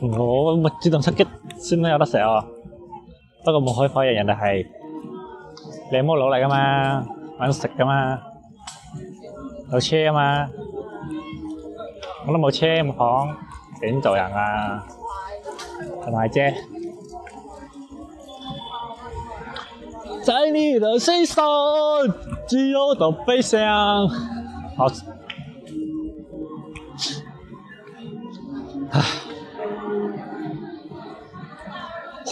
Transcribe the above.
我咪主動出擊先都有得食哦，不過冇開火嘅人哋係靚模佬嚟噶嘛，揾食噶嘛，有車啊嘛，我都冇車冇房點做人啊，係咪啫？在你的身上自由地飛翔，好。